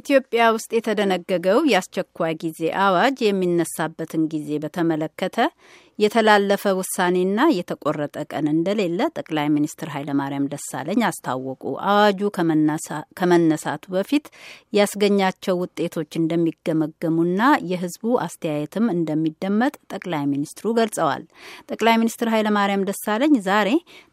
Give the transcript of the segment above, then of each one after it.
ኢትዮጵያ ውስጥ የተደነገገው የአስቸኳይ ጊዜ አዋጅ የሚነሳበትን ጊዜ በተመለከተ የተላለፈ ውሳኔና የተቆረጠ ቀን እንደሌለ ጠቅላይ ሚኒስትር ኃይለማርያም ደሳለኝ አስታወቁ። አዋጁ ከመነሳቱ በፊት ያስገኛቸው ውጤቶች እንደሚገመገሙና የሕዝቡ አስተያየትም እንደሚደመጥ ጠቅላይ ሚኒስትሩ ገልጸዋል። ጠቅላይ ሚኒስትር ኃይለማርያም ደሳለኝ ዛሬ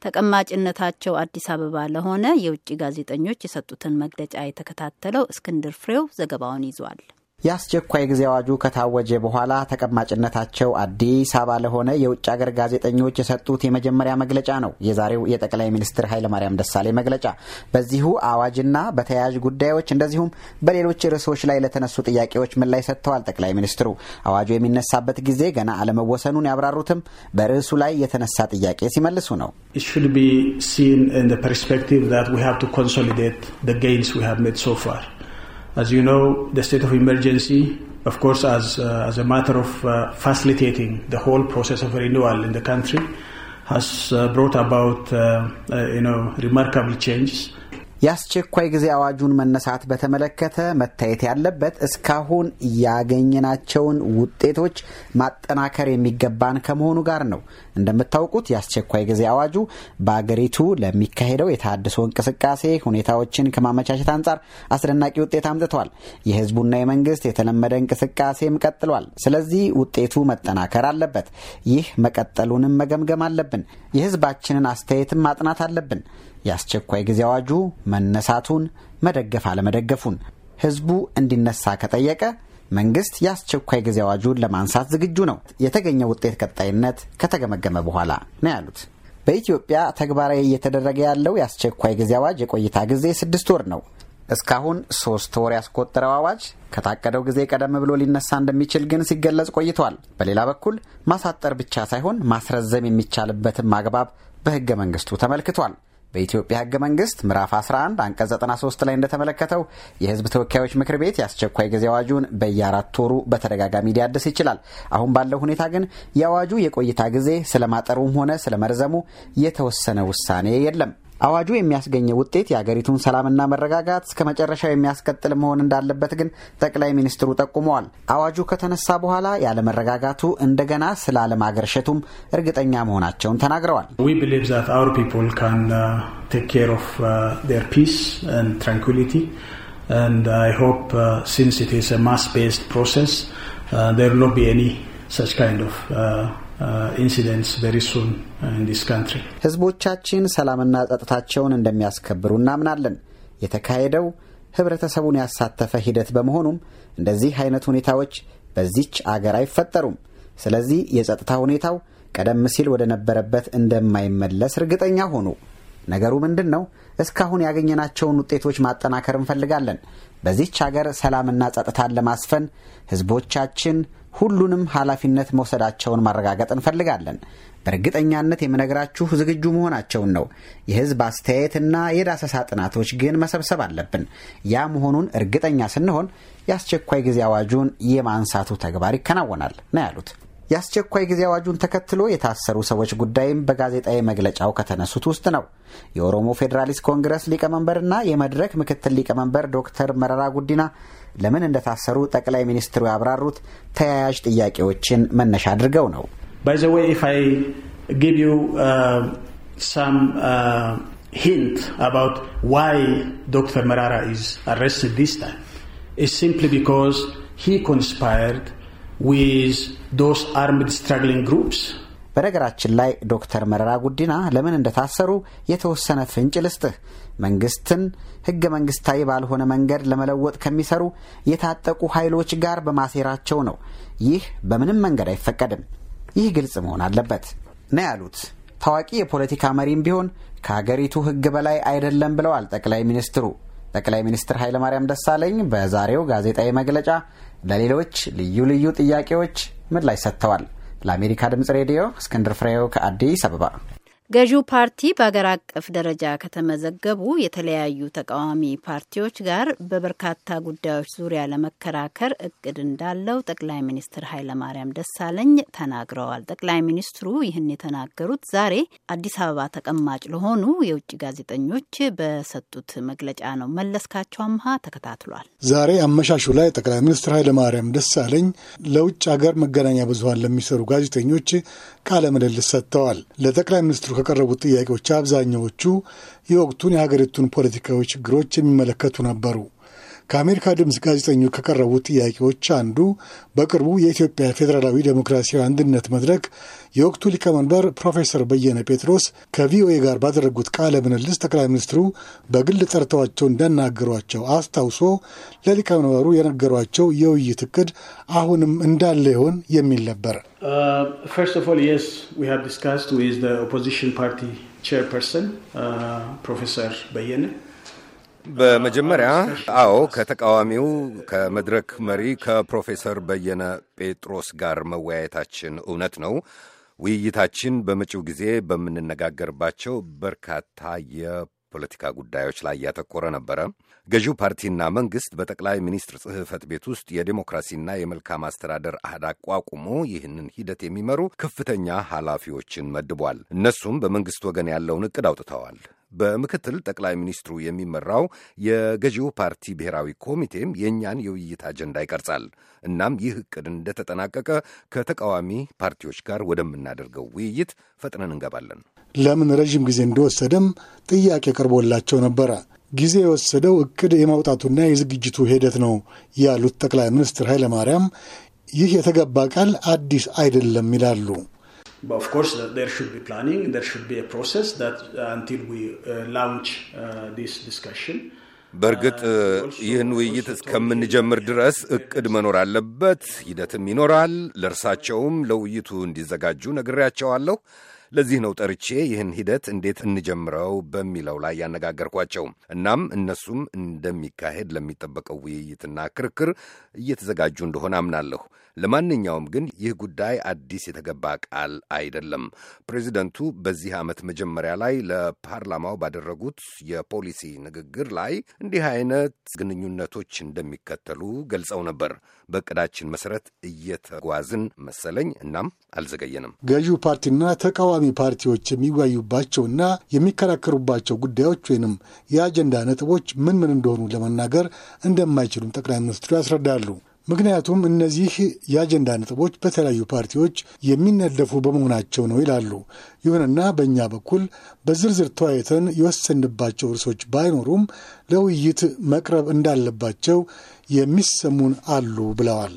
ተቀማጭነታቸው አዲስ አበባ ለሆነ የውጭ ጋዜጠኞች የሰጡትን መግለጫ የተከታተለው እስክንድር ፍሬው ዘገባውን ይዟል። የአስቸኳይ ጊዜ አዋጁ ከታወጀ በኋላ ተቀማጭነታቸው አዲስ አበባ ለሆነ የውጭ ሀገር ጋዜጠኞች የሰጡት የመጀመሪያ መግለጫ ነው የዛሬው የጠቅላይ ሚኒስትር ኃይለማርያም ደሳሌ መግለጫ። በዚሁ አዋጅና በተያያዥ ጉዳዮች እንደዚሁም በሌሎች ርዕሶች ላይ ለተነሱ ጥያቄዎች ምላሽ ሰጥተዋል ጠቅላይ ሚኒስትሩ። አዋጁ የሚነሳበት ጊዜ ገና አለመወሰኑን ያብራሩትም በርዕሱ ላይ የተነሳ ጥያቄ ሲመልሱ ነው። As you know, the state of emergency, of course, as, uh, as a matter of uh, facilitating the whole process of renewal in the country, has uh, brought about, uh, uh, you know, remarkable changes የአስቸኳይ ጊዜ አዋጁን መነሳት በተመለከተ መታየት ያለበት እስካሁን ያገኘናቸውን ውጤቶች ማጠናከር የሚገባን ከመሆኑ ጋር ነው። እንደምታውቁት የአስቸኳይ ጊዜ አዋጁ በአገሪቱ ለሚካሄደው የታድሶ እንቅስቃሴ ሁኔታዎችን ከማመቻቸት አንጻር አስደናቂ ውጤት አምጥቷል። የህዝቡና የመንግስት የተለመደ እንቅስቃሴም ቀጥሏል። ስለዚህ ውጤቱ መጠናከር አለበት። ይህ መቀጠሉንም መገምገም አለብን። የህዝባችንን አስተያየትም ማጥናት አለብን። የአስቸኳይ ጊዜ አዋጁ መነሳቱን መደገፍ አለመደገፉን ህዝቡ እንዲነሳ ከጠየቀ መንግስት የአስቸኳይ ጊዜ አዋጁን ለማንሳት ዝግጁ ነው፣ የተገኘ ውጤት ቀጣይነት ከተገመገመ በኋላ ነው ያሉት። በኢትዮጵያ ተግባራዊ እየተደረገ ያለው የአስቸኳይ ጊዜ አዋጅ የቆይታ ጊዜ ስድስት ወር ነው። እስካሁን ሶስት ወር ያስቆጠረው አዋጅ ከታቀደው ጊዜ ቀደም ብሎ ሊነሳ እንደሚችል ግን ሲገለጽ ቆይቷል። በሌላ በኩል ማሳጠር ብቻ ሳይሆን ማስረዘም የሚቻልበትም አግባብ በህገ መንግስቱ ተመልክቷል። በኢትዮጵያ ህገ መንግስት ምዕራፍ 11 አንቀጽ 93 ላይ እንደተመለከተው የህዝብ ተወካዮች ምክር ቤት የአስቸኳይ ጊዜ አዋጁን በየአራት ወሩ በተደጋጋሚ ሊያድስ ይችላል። አሁን ባለው ሁኔታ ግን የአዋጁ የቆይታ ጊዜ ስለማጠሩም ሆነ ስለመርዘሙ የተወሰነ ውሳኔ የለም። አዋጁ የሚያስገኘው ውጤት የአገሪቱን ሰላምና መረጋጋት እስከ መጨረሻው የሚያስቀጥል መሆን እንዳለበት ግን ጠቅላይ ሚኒስትሩ ጠቁመዋል። አዋጁ ከተነሳ በኋላ ያለመረጋጋቱ እንደገና ሸቱም እርግጠኛ መሆናቸውን ተናግረዋል። ፕሮሰስ ኢንሲደንትስ ቬሪ ሱን ኢን ዲስ ካንትሪ። ህዝቦቻችን ሰላምና ጸጥታቸውን እንደሚያስከብሩ እናምናለን። የተካሄደው ህብረተሰቡን ያሳተፈ ሂደት በመሆኑም እንደዚህ አይነት ሁኔታዎች በዚች አገር አይፈጠሩም። ስለዚህ የጸጥታ ሁኔታው ቀደም ሲል ወደ ነበረበት እንደማይመለስ እርግጠኛ ሆኑ። ነገሩ ምንድን ነው? እስካሁን ያገኘናቸውን ውጤቶች ማጠናከር እንፈልጋለን። በዚች አገር ሰላምና ጸጥታን ለማስፈን ህዝቦቻችን ሁሉንም ኃላፊነት መውሰዳቸውን ማረጋገጥ እንፈልጋለን። በእርግጠኛነት የምነግራችሁ ዝግጁ መሆናቸውን ነው። የህዝብ አስተያየትና የዳሰሳ ጥናቶች ግን መሰብሰብ አለብን። ያ መሆኑን እርግጠኛ ስንሆን የአስቸኳይ ጊዜ አዋጁን የማንሳቱ ተግባር ይከናወናል ነው ያሉት። የአስቸኳይ ጊዜ አዋጁን ተከትሎ የታሰሩ ሰዎች ጉዳይም በጋዜጣዊ መግለጫው ከተነሱት ውስጥ ነው። የኦሮሞ ፌዴራሊስት ኮንግረስ ሊቀመንበርና የመድረክ ምክትል ሊቀመንበር ዶክተር መረራ ጉዲና ለምን እንደታሰሩ ጠቅላይ ሚኒስትሩ ያብራሩት ተያያዥ ጥያቄዎችን መነሻ አድርገው ነው። ዶክተር መረራ with those በነገራችን ላይ ዶክተር መረራ ጉዲና ለምን እንደታሰሩ የተወሰነ ፍንጭ ልስጥህ። መንግስትን ህገ መንግስታዊ ባልሆነ መንገድ ለመለወጥ ከሚሰሩ የታጠቁ ኃይሎች ጋር በማሴራቸው ነው። ይህ በምንም መንገድ አይፈቀድም። ይህ ግልጽ መሆን አለበት ነው ያሉት። ታዋቂ የፖለቲካ መሪም ቢሆን ከሀገሪቱ ህግ በላይ አይደለም ብለዋል ጠቅላይ ሚኒስትሩ። ጠቅላይ ሚኒስትር ኃይለማርያም ደሳለኝ በዛሬው ጋዜጣዊ መግለጫ ለሌሎች ልዩ ልዩ ጥያቄዎች ምላሽ ሰጥተዋል። ለአሜሪካ ድምፅ ሬዲዮ እስክንድር ፍሬው ከአዲስ አበባ ገዢው ፓርቲ በአገር አቀፍ ደረጃ ከተመዘገቡ የተለያዩ ተቃዋሚ ፓርቲዎች ጋር በበርካታ ጉዳዮች ዙሪያ ለመከራከር እቅድ እንዳለው ጠቅላይ ሚኒስትር ኃይለማርያም ደሳለኝ ተናግረዋል። ጠቅላይ ሚኒስትሩ ይህን የተናገሩት ዛሬ አዲስ አበባ ተቀማጭ ለሆኑ የውጭ ጋዜጠኞች በሰጡት መግለጫ ነው። መለስካቸው አምሃ ተከታትሏል። ዛሬ አመሻሹ ላይ ጠቅላይ ሚኒስትር ኃይለማርያም ደሳለኝ ለውጭ ሀገር መገናኛ ብዙሀን ለሚሰሩ ጋዜጠኞች ቃለ ምልልስ ሰጥተዋል። ለጠቅላይ ሚኒስትሩ ከቀረቡት ጥያቄዎች አብዛኛዎቹ የወቅቱን የሀገሪቱን ፖለቲካዊ ችግሮች የሚመለከቱ ነበሩ። ከአሜሪካ ድምፅ ጋዜጠኞች ከቀረቡት ጥያቄዎች አንዱ በቅርቡ የኢትዮጵያ ፌዴራላዊ ዴሞክራሲያዊ አንድነት መድረክ የወቅቱ ሊቀመንበር ፕሮፌሰር በየነ ጴጥሮስ ከቪኦኤ ጋር ባደረጉት ቃለ ምልልስ ጠቅላይ ሚኒስትሩ በግል ጠርተዋቸው እንዳናገሯቸው አስታውሶ ለሊቀመንበሩ የነገሯቸው የውይይት እቅድ አሁንም እንዳለ ይሆን የሚል ነበር። ፓርቲ ፕሮፌሰር በየነ በመጀመሪያ አዎ፣ ከተቃዋሚው ከመድረክ መሪ ከፕሮፌሰር በየነ ጴጥሮስ ጋር መወያየታችን እውነት ነው። ውይይታችን በመጪው ጊዜ በምንነጋገርባቸው በርካታ የፖለቲካ ጉዳዮች ላይ ያተኮረ ነበረ። ገዢው ፓርቲና መንግሥት በጠቅላይ ሚኒስትር ጽሕፈት ቤት ውስጥ የዴሞክራሲና የመልካም አስተዳደር አህድ አቋቁሞ ይህንን ሂደት የሚመሩ ከፍተኛ ኃላፊዎችን መድቧል። እነሱም በመንግሥት ወገን ያለውን ዕቅድ አውጥተዋል። በምክትል ጠቅላይ ሚኒስትሩ የሚመራው የገዢው ፓርቲ ብሔራዊ ኮሚቴም የእኛን የውይይት አጀንዳ ይቀርጻል። እናም ይህ ዕቅድ እንደተጠናቀቀ ከተቃዋሚ ፓርቲዎች ጋር ወደምናደርገው ውይይት ፈጥነን እንገባለን። ለምን ረዥም ጊዜ እንደወሰደም ጥያቄ ቀርቦላቸው ነበረ። ጊዜ የወሰደው እቅድ የማውጣቱና የዝግጅቱ ሂደት ነው ያሉት ጠቅላይ ሚኒስትር ኃይለማርያም ይህ የተገባ ቃል አዲስ አይደለም ይላሉ። uh, uh, uh, በእርግጥ ይህን ውይይት እስከምንጀምር ድረስ እቅድ መኖር አለበት፣ ሂደትም ይኖራል። ለእርሳቸውም ለውይይቱ እንዲዘጋጁ ነግሬያቸዋለሁ። ለዚህ ነው ጠርቼ ይህን ሂደት እንዴት እንጀምረው በሚለው ላይ ያነጋገርኳቸው። እናም እነሱም እንደሚካሄድ ለሚጠበቀው ውይይትና ክርክር እየተዘጋጁ እንደሆነ አምናለሁ። ለማንኛውም ግን ይህ ጉዳይ አዲስ የተገባ ቃል አይደለም። ፕሬዚደንቱ በዚህ ዓመት መጀመሪያ ላይ ለፓርላማው ባደረጉት የፖሊሲ ንግግር ላይ እንዲህ አይነት ግንኙነቶች እንደሚከተሉ ገልጸው ነበር። በእቅዳችን መሰረት እየተጓዝን መሰለኝ። እናም አልዘገየንም። ገዢው ፓርቲና ተቃዋሚ ተቃዋሚ ፓርቲዎች የሚወያዩባቸውና የሚከራከሩባቸው ጉዳዮች ወይንም የአጀንዳ ነጥቦች ምን ምን እንደሆኑ ለመናገር እንደማይችሉም ጠቅላይ ሚኒስትሩ ያስረዳሉ። ምክንያቱም እነዚህ የአጀንዳ ነጥቦች በተለያዩ ፓርቲዎች የሚነደፉ በመሆናቸው ነው ይላሉ። ይሁንና በእኛ በኩል በዝርዝር ተወያይተን የወሰንባቸው እርሶች ባይኖሩም ለውይይት መቅረብ እንዳለባቸው የሚሰሙን አሉ ብለዋል።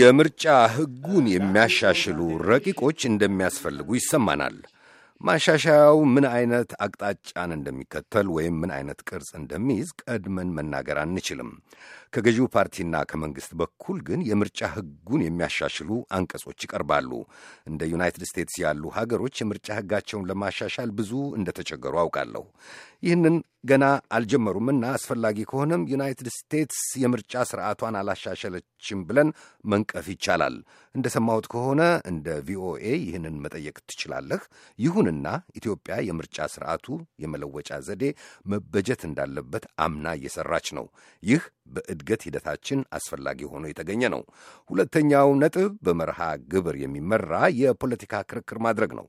የምርጫ ሕጉን የሚያሻሽሉ ረቂቆች እንደሚያስፈልጉ ይሰማናል። ማሻሻያው ምን አይነት አቅጣጫን እንደሚከተል ወይም ምን አይነት ቅርጽ እንደሚይዝ ቀድመን መናገር አንችልም። ከገዢው ፓርቲና ከመንግሥት በኩል ግን የምርጫ ሕጉን የሚያሻሽሉ አንቀጾች ይቀርባሉ። እንደ ዩናይትድ ስቴትስ ያሉ ሀገሮች የምርጫ ሕጋቸውን ለማሻሻል ብዙ እንደተቸገሩ አውቃለሁ። ይህንን ገና አልጀመሩምና አስፈላጊ ከሆነም ዩናይትድ ስቴትስ የምርጫ ስርዓቷን አላሻሸለችም ብለን መንቀፍ ይቻላል። እንደሰማሁት ከሆነ እንደ ቪኦኤ ይህንን መጠየቅ ትችላለህ። ይሁንና ኢትዮጵያ የምርጫ ስርዓቱ የመለወጫ ዘዴ መበጀት እንዳለበት አምና እየሰራች ነው። ይህ በእድ የእድገት ሂደታችን አስፈላጊ ሆኖ የተገኘ ነው። ሁለተኛው ነጥብ በመርሃ ግብር የሚመራ የፖለቲካ ክርክር ማድረግ ነው።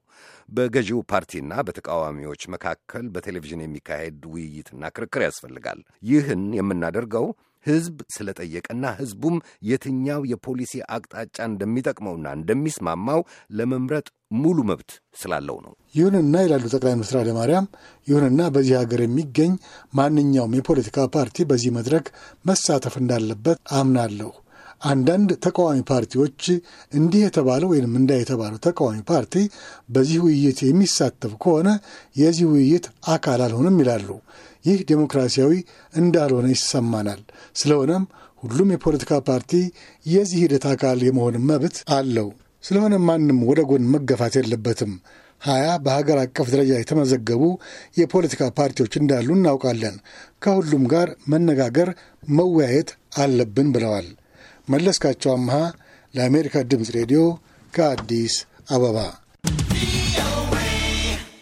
በገዢው ፓርቲና በተቃዋሚዎች መካከል በቴሌቪዥን የሚካሄድ ውይይትና ክርክር ያስፈልጋል። ይህን የምናደርገው ህዝብ ስለጠየቀና ህዝቡም የትኛው የፖሊሲ አቅጣጫ እንደሚጠቅመውና እንደሚስማማው ለመምረጥ ሙሉ መብት ስላለው ነው። ይሁንና ይላሉ ጠቅላይ ሚኒስትር ኃይለማርያም፣ ይሁንና በዚህ ሀገር የሚገኝ ማንኛውም የፖለቲካ ፓርቲ በዚህ መድረክ መሳተፍ እንዳለበት አምናለሁ። አንዳንድ ተቃዋሚ ፓርቲዎች እንዲህ የተባለው ወይም እንዳ የተባለው ተቃዋሚ ፓርቲ በዚህ ውይይት የሚሳተፍ ከሆነ የዚህ ውይይት አካል አልሆንም ይላሉ። ይህ ዴሞክራሲያዊ እንዳልሆነ ይሰማናል። ስለሆነም ሁሉም የፖለቲካ ፓርቲ የዚህ ሂደት አካል የመሆን መብት አለው። ስለሆነም ማንም ወደ ጎን መገፋት የለበትም። ሀያ በሀገር አቀፍ ደረጃ የተመዘገቡ የፖለቲካ ፓርቲዎች እንዳሉ እናውቃለን። ከሁሉም ጋር መነጋገር፣ መወያየት አለብን ብለዋል። መለስካቸው አምሃ ለአሜሪካ ድምፅ ሬዲዮ ከአዲስ አበባ